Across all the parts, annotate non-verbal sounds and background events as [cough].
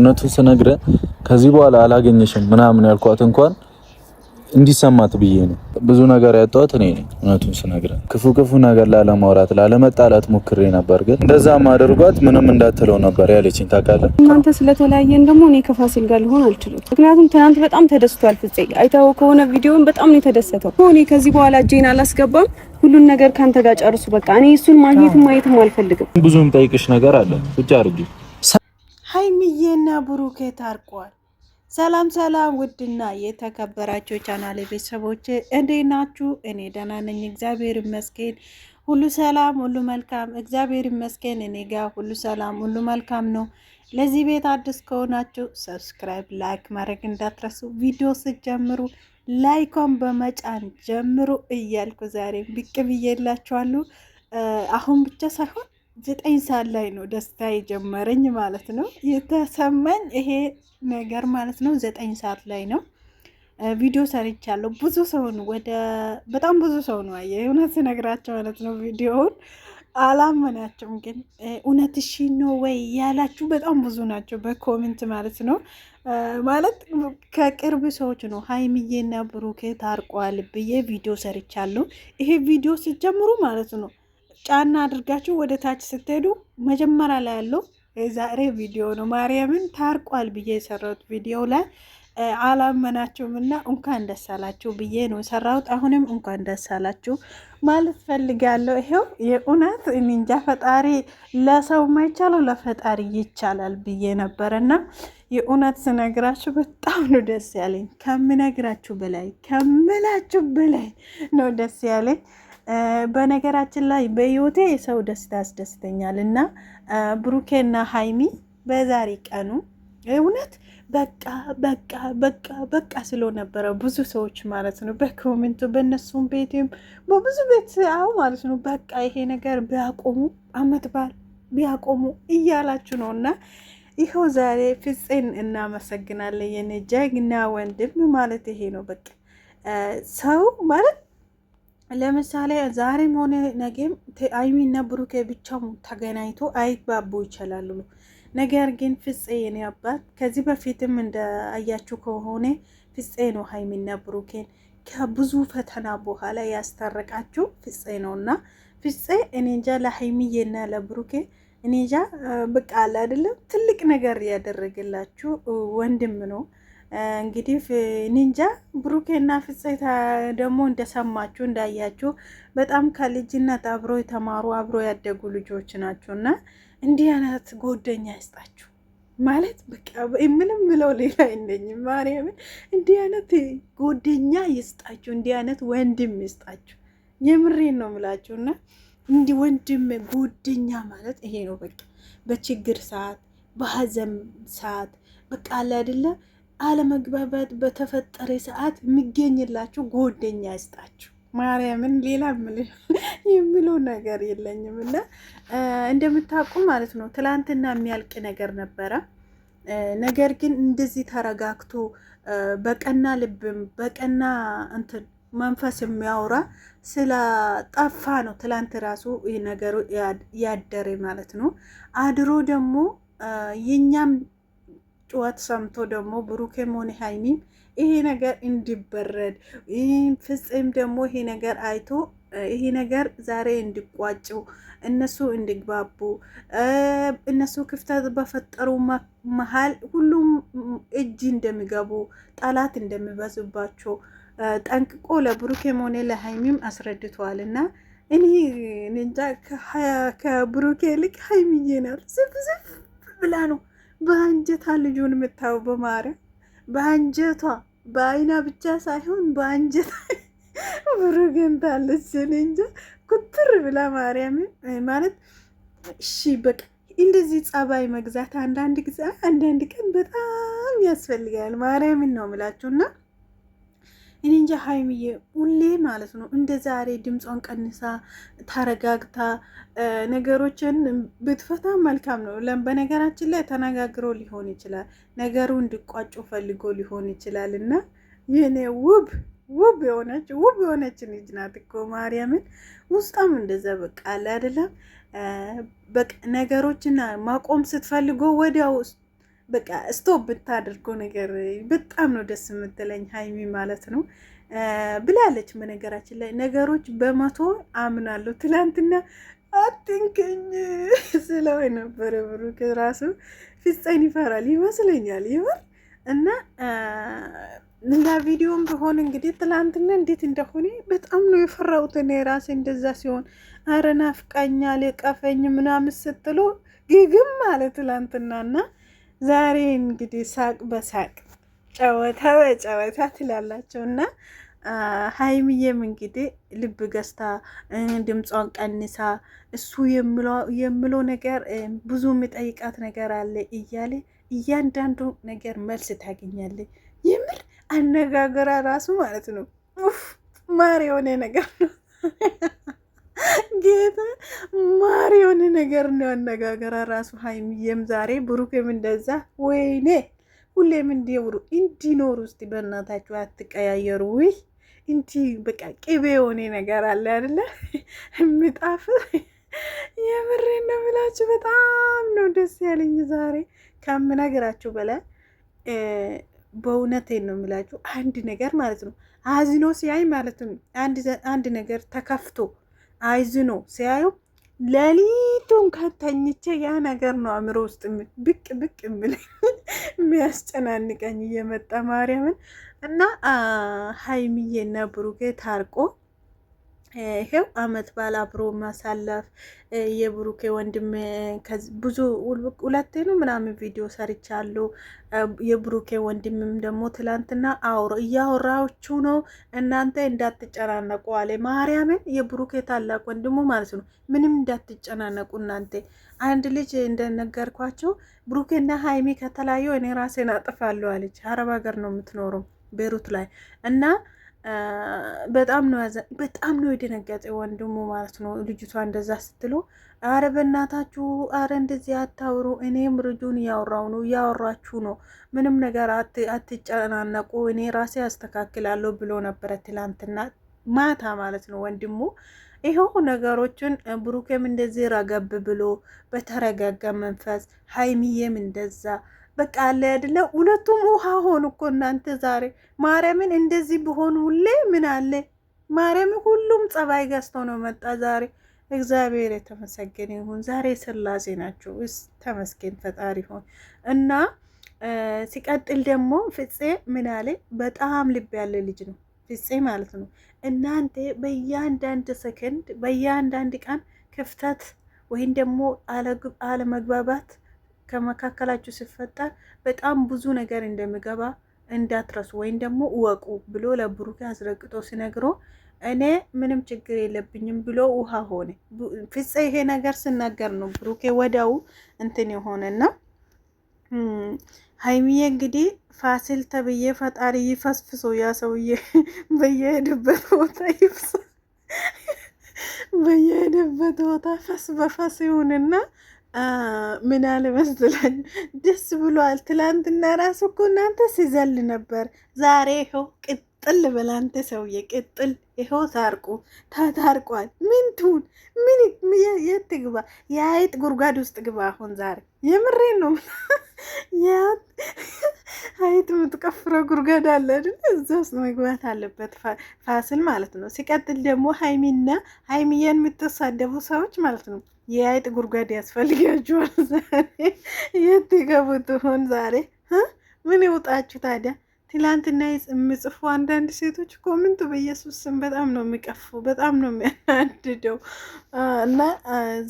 እውነቱን ስነግረህ ከዚህ በኋላ አላገኘሽም ምናምን ያልኳት እንኳን እንዲሰማት ብዬ ነው። ብዙ ነገር ያጣሁት እኔ ነኝ። እውነቱን ስነግረህ ክፉ ክፉ ነገር ላለማውራት ላለመጣላት ሞክሬ ነበር፣ ግን እንደዛም አድርጓት ምንም እንዳትለው ነበር ያለችኝ። ታውቃለህ፣ እናንተ ስለተለያየን ደግሞ እኔ ከፋሲል ጋር ልሆን አልችልም። ምክንያቱም ትናንት በጣም ተደስቷል ፍፄ። አይተኸው ከሆነ ቪዲዮን በጣም ነው የተደሰተው። እኔ ከዚህ በኋላ እጄን አላስገባም፣ ሁሉን ነገር ከአንተ ጋር ጨርሱ። በቃ እኔ እሱን ማግኘትም ማየትም አልፈልግም። ብዙም ጠይቅሽ ነገር አለ ብቻ አድርጊ ሀይሚዬና ብሩኬ ታርቋል። ሰላም ሰላም! ውድና የተከበራችሁ ቻናል ቤተሰቦች እንዴ ናችሁ? እኔ ደህና ነኝ፣ እግዚአብሔር ይመስገን። ሁሉ ሰላም፣ ሁሉ መልካም፣ እግዚአብሔር ይመስገን። እኔ ጋር ሁሉ ሰላም፣ ሁሉ መልካም ነው። ለዚህ ቤት አዲስ ከሆናችሁ ሰብስክራይብ፣ ላይክ ማድረግ እንዳትረሱ። ቪዲዮ ስጀምሩ ላይኮን በመጫን ጀምሩ እያልኩ ዛሬ ብቅ ብዬላችኋለሁ። አሁን ብቻ ሳይሆን ዘጠኝ ሰዓት ላይ ነው ደስታ የጀመረኝ ማለት ነው የተሰማኝ ይሄ ነገር ማለት ነው። ዘጠኝ ሰዓት ላይ ነው ቪዲዮ ሰርቻለሁ። ብዙ ሰውን ወደ በጣም ብዙ ሰው ነው አየ እውነት ስነግራቸው ማለት ነው ቪዲዮውን አላመናቸውም ግን እውነት እሺ ነው ወይ ያላችሁ በጣም ብዙ ናቸው፣ በኮሜንት ማለት ነው። ማለት ከቅርብ ሰዎች ነው ሀይሚዬና ብሩኬ ታርቋል ብዬ ቪዲዮ ሰርቻለሁ። ይሄ ቪዲዮ ሲጀምሩ ማለት ነው ጫና አድርጋችሁ ወደ ታች ስትሄዱ መጀመሪያ ላይ ያለው የዛሬ ቪዲዮ ነው። ማርያምን ታርቋል ብዬ የሰራሁት ቪዲዮ ላይ አላመናችሁም እና እንኳን ደስ አላችሁ ብዬ ነው ሰራሁት። አሁንም እንኳን ደስ አላችሁ ማለት ፈልጋለሁ። ይሄው የእውነት እንጃ ፈጣሪ ለሰው ማይቻለው ለፈጣሪ ይቻላል ብዬ ነበረና የእውነት ስነግራችሁ በጣም ነው ደስ ያለኝ ከምነግራችሁ በላይ ከምላችሁ በላይ ነው ደስ ያለኝ። በነገራችን ላይ በህይወቴ የሰው ደስታ ያስደስተኛል እና ብሩኬና ሀይሚ በዛሬ ቀኑ እውነት በቃ በቃ በቃ በቃ ስሎ ነበረ ብዙ ሰዎች ማለት ነው። በኮሜንቱ በእነሱም ቤትም በብዙ ቤት አሁ ማለት ነው በቃ ይሄ ነገር ቢያቆሙ አመት በዓል ቢያቆሙ እያላችሁ ነው እና ይኸው ዛሬ ፍፄን እናመሰግናለን። የኔ ጀግና ወንድም ማለት ይሄ ነው። በቃ ሰው ማለት ለምሳሌ ዛሬም ሆነ ነገም አይሚና ብሩኬ ብቻም ተገናኝቶ አይግባቡ ይችላሉ። ነገር ግን ፍፄ የኔ አባት ከዚህ በፊትም እንዳያችሁ ከሆነ ፍፄ ነው ሀይሚና ብሩኬን ከብዙ ፈተና በኋላ ያስታረቃችሁ ፍፄ ነው እና ፍፄ እኔንጃ እንጃ ለሀይሚዬና ለብሩኬ እኔንጃ እንጃ በቃ አለ አይደለም ትልቅ ነገር ያደረገላችሁ ወንድም ነው። እንግዲህ ኒንጃ ብሩኬና ፍፄታ ደግሞ እንደሰማችሁ እንዳያችሁ በጣም ከልጅነት አብሮ የተማሩ አብሮ ያደጉ ልጆች ናቸው እና እንዲህ አይነት ጎደኛ ይስጣችሁ ማለት በቃ ምንም ብለው ሌላ አይነኝ ማርያምን እንዲህ አይነት ጎደኛ ይስጣችሁ፣ እንዲህ አይነት ወንድም ይስጣችሁ። የምሬን ነው የምላችሁ እና እንዲህ ወንድም ጎደኛ ማለት ይሄ ነው በቃ በችግር ሰዓት በሀዘን ሰዓት በቃ አለ አይደለ አለመግባባት በተፈጠረ ሰዓት የሚገኝላችሁ ጎደኛ ይስጣችሁ። ማርያምን ሌላ የሚለው ነገር የለኝም። እና እንደምታውቁ ማለት ነው ትላንትና የሚያልቅ ነገር ነበረ። ነገር ግን እንደዚህ ተረጋግቶ በቀና ልብም በቀና እንትን መንፈስ የሚያወራ ጠፋ ነው ትላንት ራሱ ነገሩ ያደረ ማለት ነው። አድሮ ደግሞ የኛም ጩኸት ሰምቶ ደግሞ ብሩኬም ሆነ ሀይሚም ይሄ ነገር እንዲበረድ ፍጽም ደግሞ ይሄ ነገር አይቶ ይሄ ነገር ዛሬ እንዲቋጩ እነሱ እንዲግባቡ እነሱ ክፍተት በፈጠሩ መሀል ሁሉም እጅ እንደሚገቡ ጠላት እንደሚበዙባቸው ጠንቅቆ ለብሩኬም ሆነ ለሀይሚም አስረድተዋል እና እኔ እንጃ ከብሩኬ ልክ ሀይሚዬ ናት ዝፍዝፍ ብላ ነው በአንጀታ ልጁን የምታየው በማርያም በአንጀቷ በአይና ብቻ ሳይሆን በአንጀታ ብሩገንታለች። እኔ ኩትር ብላ ማርያም ማለት እሺ በቃ እንደዚህ ጸባይ መግዛት አንዳንድ ጊዜ አንዳንድ ቀን በጣም ያስፈልጋል። ማርያምን ነው ምላችሁና እኔ እንጃ ሀይሚዬ ሁሌ ማለት ነው እንደ ዛሬ ድምጿን ቀንሳ ተረጋግታ ነገሮችን ብትፈታ መልካም ነው። በነገራችን ላይ ተነጋግሮ ሊሆን ይችላል፣ ነገሩ እንዲቋጮ ፈልጎ ሊሆን ይችላል እና የኔ ውብ ውብ የሆነች ውብ የሆነች ልጅ ናት እኮ ማርያምን። ውስጣም እንደዛ በቃ አለ አይደለም በቃ ነገሮችን ማቆም ስትፈልጎ ወዲያው በቃ ስቶፕ ብታደርገው ነገር በጣም ነው ደስ የምትለኝ ሀይሚ ማለት ነው ብላለች። በነገራችን ላይ ነገሮች በመቶ አምናለሁ። ትላንትና አትንከኝ ስለው ነበረ ብሩክ ራሱ ፊፀን ይፈራል ይመስለኛል ይሆን እና ቪዲዮም በሆነ እንግዲህ ትላንትና እንዴት እንደሆነ በጣም ነው የፈራሁት እኔ ራሴ እንደዛ ሲሆን፣ አረ ናፍቃኛል የቀፈኝ ምናምን ስትሉ ግግም ማለት ትላንትናና ዛሬ እንግዲህ ሳቅ በሳቅ ጨዋታ በጨዋታ ትላላቸው እና ሀይሚዬም እንግዲህ ልብ ገዝታ ድምጿን ቀንሳ እሱ የምለው ነገር ብዙ የሚጠይቃት ነገር አለ እያለ እያንዳንዱ ነገር መልስ ታገኛለ። የምር አነጋገራ ራሱ ማለት ነው ማር የሆነ ነገር ነው። ጌታ ማር የሆነ ነገር ነው አነጋገራ ራሱ ሀይሚዬም ዛሬ ብሩኬም እንደዛ ወይኔ ሁሌም እንዲብሩ እንዲኖሩ ውስጥ በእናታችሁ አትቀያየሩ። ውይ እንቲ በቃ ቅቤ የሆነ ነገር አለ አይደለ? የምጣፍ የምሬ ነው ብላችሁ በጣም ነው ደስ ያለኝ ዛሬ ከምነግራችሁ በላይ በእውነቴ ነው የምላችሁ። አንድ ነገር ማለት ነው አዝኖ ሲያይ ማለት ነው አንድ ነገር ተከፍቶ አይዝኖ ሲያዩ ለሊቱን ከተኝቼ ያ ነገር ነው አእምሮ ውስጥ ብቅ ብቅ የሚል [laughs] የሚያስጨናንቀኝ እየመጣ ማርያምን እና ሀይሚዬና ብሩኬ ታርቆ ይሄው አመት በዓል አብሮ ማሳለፍ የብሩኬ ወንድም ብዙ ሁለቴ ነው ምናምን ቪዲዮ ሰርቻለሁ። የብሩኬ ወንድምም ደግሞ ትላንትና እያወራችሁ ነው እናንተ እንዳትጨናነቁ አለ። ማርያምን የብሩኬ ታላቅ ወንድሙ ማለት ነው። ምንም እንዳትጨናነቁ እናንተ አንድ ልጅ እንደነገርኳቸው ብሩኬና ሀይሚ ከተለያዩ እኔ ራሴን አጥፋለሁ አለች። አረብ ሀገር ነው የምትኖረው ቤሩት ላይ እና በጣም ነው በጣም ነው የደነገጠ ወንድሙ ማለት ነው። ልጅቷ እንደዛ ስትሉ አረ በእናታችሁ አረ እንደዚህ አታውሩ፣ እኔም ልጁን እያወራው ነው እያወራችሁ ነው፣ ምንም ነገር አትጨናነቁ፣ እኔ ራሴ አስተካክላለሁ ብሎ ነበረ ትላንትና ማታ ማለት ነው ወንድሙ። ይኸው ነገሮችን ብሩኬም እንደዚህ ረገብ ብሎ በተረጋጋ መንፈስ ሀይሚዬም እንደዛ በቃ አለ አይደለ? ሁለቱም ውሃ ሆኑ እኮ እናንተ ዛሬ ማርያምን እንደዚህ ብሆን ሁሌ ምን አለ ማርያም ሁሉም ጸባይ ገዝቶ ነው መጣ ዛሬ። እግዚአብሔር የተመሰገነ ይሁን። ዛሬ ስላሴ ናቸው። እስ ተመስገን ፈጣሪ ሆን እና ሲቀጥል ደግሞ ፍፄ ምን አለ? በጣም ልብ ያለ ልጅ ነው ፍፄ ማለት ነው። እናንተ በእያንዳንድ ሰከንድ በእያንዳንድ ቀን ክፍተት ወይም ደግሞ አለመግባባት ከመካከላችሁ ሲፈጠር በጣም ብዙ ነገር እንደሚገባ እንዳትረሱ ወይም ደግሞ እወቁ ብሎ ለብሩኬ አስረግጦ ሲነግሮ እኔ ምንም ችግር የለብኝም ብሎ ውሃ ሆነ። ፍፄ ይሄ ነገር ስናገር ነው ብሩኬ ወዳው እንትን የሆነና ሀይሚዬ እንግዲህ ፋሲል ተብዬ ፈጣሪ ይፈስፍሶ ያ ሰውዬ [laughs] በየሄድበት ቦታ ይፍሶ [laughs] በየሄድበት ቦታ ፈስ በፈስ ይሁንና ምን አለ መሰለኝ ደስ ብሏል። ትላንትና ራሱ እኮ እናንተ ሲዘል ነበር። ዛሬ ይኸው ቅጥል በላንተ ሰውዬ ቅጥል ይኸው ታርቁ ታታርቋል። ምን ትሁን? ምን የት ግባ? የአይጥ ጉርጓድ ውስጥ ግባ። አሁን ዛሬ የምሬ ነው። አይጥ የምትቀፍረው ጉርጓድ አለ አይደል? እዛ ውስጥ መግባት አለበት ፋሲል ማለት ነው። ሲቀጥል ደግሞ ሀይሚና ሀይሚያን የምትሳደቡ ሰዎች ማለት ነው የአይጥ ጉርጓድ ያስፈልጋችኋል። ዛሬ የት ገቡ ትሆን? ዛሬ ምን ይውጣችሁ ታዲያ? ትላንትና የምጽፉ አንዳንድ ሴቶች ኮምንቱ በኢየሱስ ስም በጣም ነው የሚቀፉ፣ በጣም ነው የሚያናድደው። እና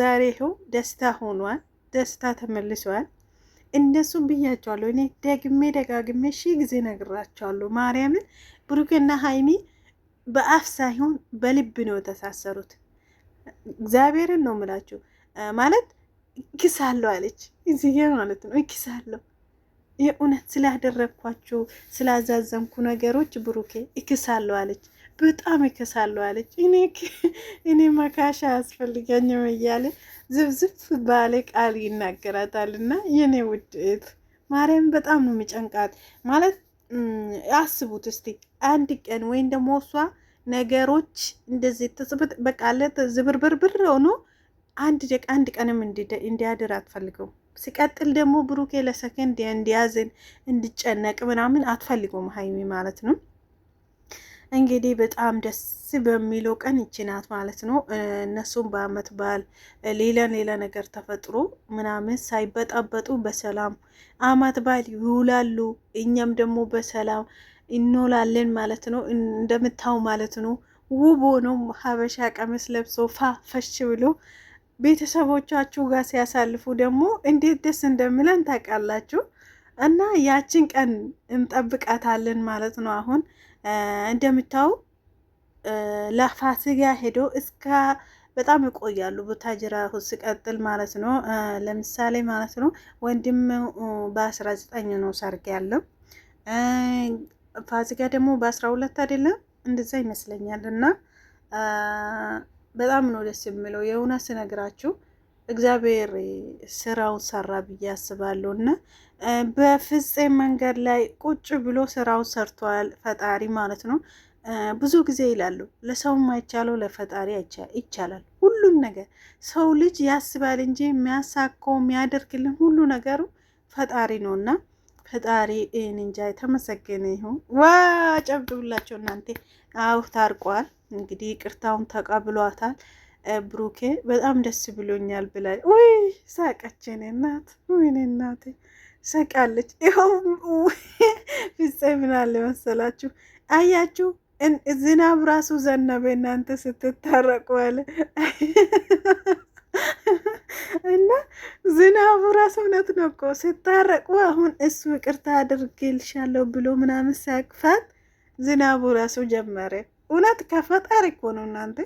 ዛሬ ይኸው ደስታ ሆኗል፣ ደስታ ተመልሰዋል። እነሱ ብያቸዋለሁ፣ እኔ ደግሜ ደጋግሜ ሺ ጊዜ ነግራቸዋለሁ። ማርያምን ብሩክና ሀይሚ በአፍ ሳይሆን በልብ ነው የተሳሰሩት። እግዚአብሔርን ነው ምላችሁ ማለት እክሳለሁ አለች እዚህ ማለት ነው እክሳለሁ የእውነት ስላደረግኳችሁ ስላዛዘንኩ ነገሮች ብሩኬ እክሳለሁ አለች። በጣም እክሳለሁ አለች። እኔ [laughs] መካሻ አያስፈልገኝም እያለ ዝብዝብ ባለ ቃል ይናገራታል። እና የኔ ውድት ማርያም በጣም ነው የሚጨንቃት። ማለት አስቡት እስቲ አንድ ቀን ወይም ደግሞ እሷ ነገሮች እንደዚህ ተጽበት በቃለት ዝብርብርብር ሆኖ አንድ አንድ ቀንም እንዲያድር አትፈልገው ሲቀጥል ደግሞ ብሩኬ ለሰከንድ እንዲያዝን እንዲጨነቅ ምናምን አትፈልጉም ሀይሚ ማለት ነው። እንግዲህ በጣም ደስ በሚለው ቀን ይችናት ማለት ነው። እነሱም በአመት በዓል ሌላ ሌላ ነገር ተፈጥሮ ምናምን ሳይበጣበጡ በሰላም አመት በዓል ይውላሉ። እኛም ደግሞ በሰላም እንውላለን ማለት ነው። እንደምታው ማለት ነው ውብ ሆኖ ሀበሻ ቀሚስ ለብሶ ፋ ፈሽ ብሎ ቤተሰቦቻችሁ ጋር ሲያሳልፉ ደግሞ እንዴት ደስ እንደሚለን ታውቃላችሁ። እና ያችን ቀን እንጠብቃታለን ማለት ነው። አሁን እንደምታው ለፋሲካ ሄዶ እስከ በጣም ይቆያሉ ቡታጅራ ሲቀጥል ማለት ነው። ለምሳሌ ማለት ነው ወንድም በአስራ ዘጠኝ ነው ሰርግ ያለው ፋሲካ ደግሞ በአስራ ሁለት አይደለም እንደዛ ይመስለኛል እና በጣም ነው ደስ የምለው የእውነት ስነግራችሁ እግዚአብሔር ስራውን ሰራ ብዬ አስባለሁ። እና በፍጼ መንገድ ላይ ቁጭ ብሎ ስራውን ሰርቷል ፈጣሪ ማለት ነው። ብዙ ጊዜ ይላሉ ለሰው የማይቻለው ለፈጣሪ ይቻላል። ሁሉም ነገር ሰው ልጅ ያስባል እንጂ የሚያሳካው የሚያደርግልን ሁሉ ነገሩ ፈጣሪ ነው እና ፈጣሪ ይህን እንጃ የተመሰገነ ይሁን። ዋ ጨብጡላቸው እናንተ። አው ታርቋል እንግዲህ ቅርታውን ተቀብሏታል። ብሩኬ በጣም ደስ ብሎኛል ብላ ወይ ሳቀችን እናት ወይኔ እናት ሰቃለች። ይኸው ፍፄ ምን አለ መሰላችሁ አያችሁ ዝናብ ራሱ ዘነበ እናንተ ስትታረቁ አለ እና ዝናቡ ራስ እውነት ነው እኮ ስታረቁ፣ አሁን እሱ ይቅርታ አድርጌልሻለሁ ብሎ ምናምን ሲያቅፋት ዝናቡ ራሱ ጀመረ። እውነት ከፈጣሪ እኮ ነው እናንተ።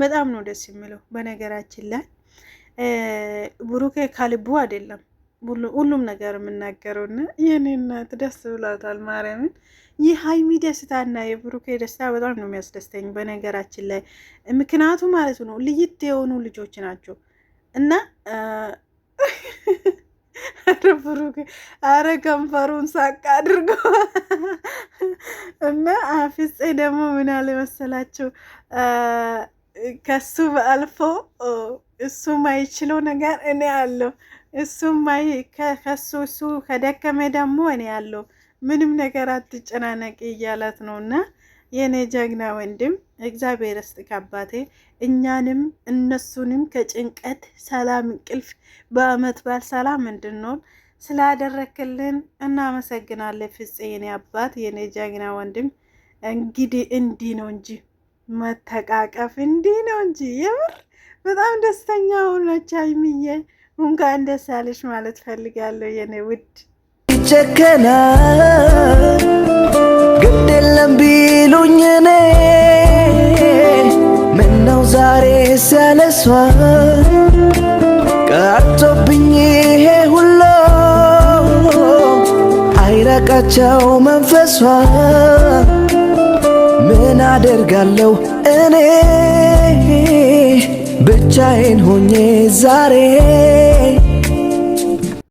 በጣም ነው ደስ የሚለው። በነገራችን ላይ ብሩኬ ካልቡ አይደለም ሁሉም ነገር የምናገረው እና የኔ እናት ደስ ብሏታል። ማርያምን ይህ ሀይሚ ደስታ የብሩኬ ደስታ በጣም ነው የሚያስደስተኝ በነገራችን ላይ ምክንያቱ ማለት ነው ልይት የሆኑ ልጆች ናቸው እና ብሩኬ አረ ከንፈሩን ሳቅ አድርጎ እና አፍፄ ደግሞ ምን አለ መሰላችሁ ከሱ በአልፎ እሱ ማይችለው ነገር እኔ አለው እሱም ማይ ከሱ እሱ ከደከመ ደግሞ እኔ ያለው ምንም ነገር አትጨናነቂ እያላት ነው እና የእኔ ጀግና ወንድም እግዚአብሔር ይስጥህ አባቴ። እኛንም እነሱንም ከጭንቀት ሰላም፣ እንቅልፍ በአመት በዓል ሰላም እንድንሆን ስላደረክልን እናመሰግናለን። ፍፄ የኔ አባት የኔ ጀግና ወንድም። እንግዲህ እንዲህ ነው እንጂ መተቃቀፍ እንዲህ ነው እንጂ የምር በጣም ደስተኛ ሆነች አይምዬ እንኳን ደስ አለሽ ማለት ፈልጋለሁ የኔ ውድ። ይጨከናል ግድ የለም ቢሉኝ እኔ ምነው ዛሬ ሲያለሷ ቀርቶብኝ ይሄ ሁሉ አይረቃቸው መንፈሷ ምን አደርጋለሁ እኔ ብቻዬን ሆኜ ዛሬ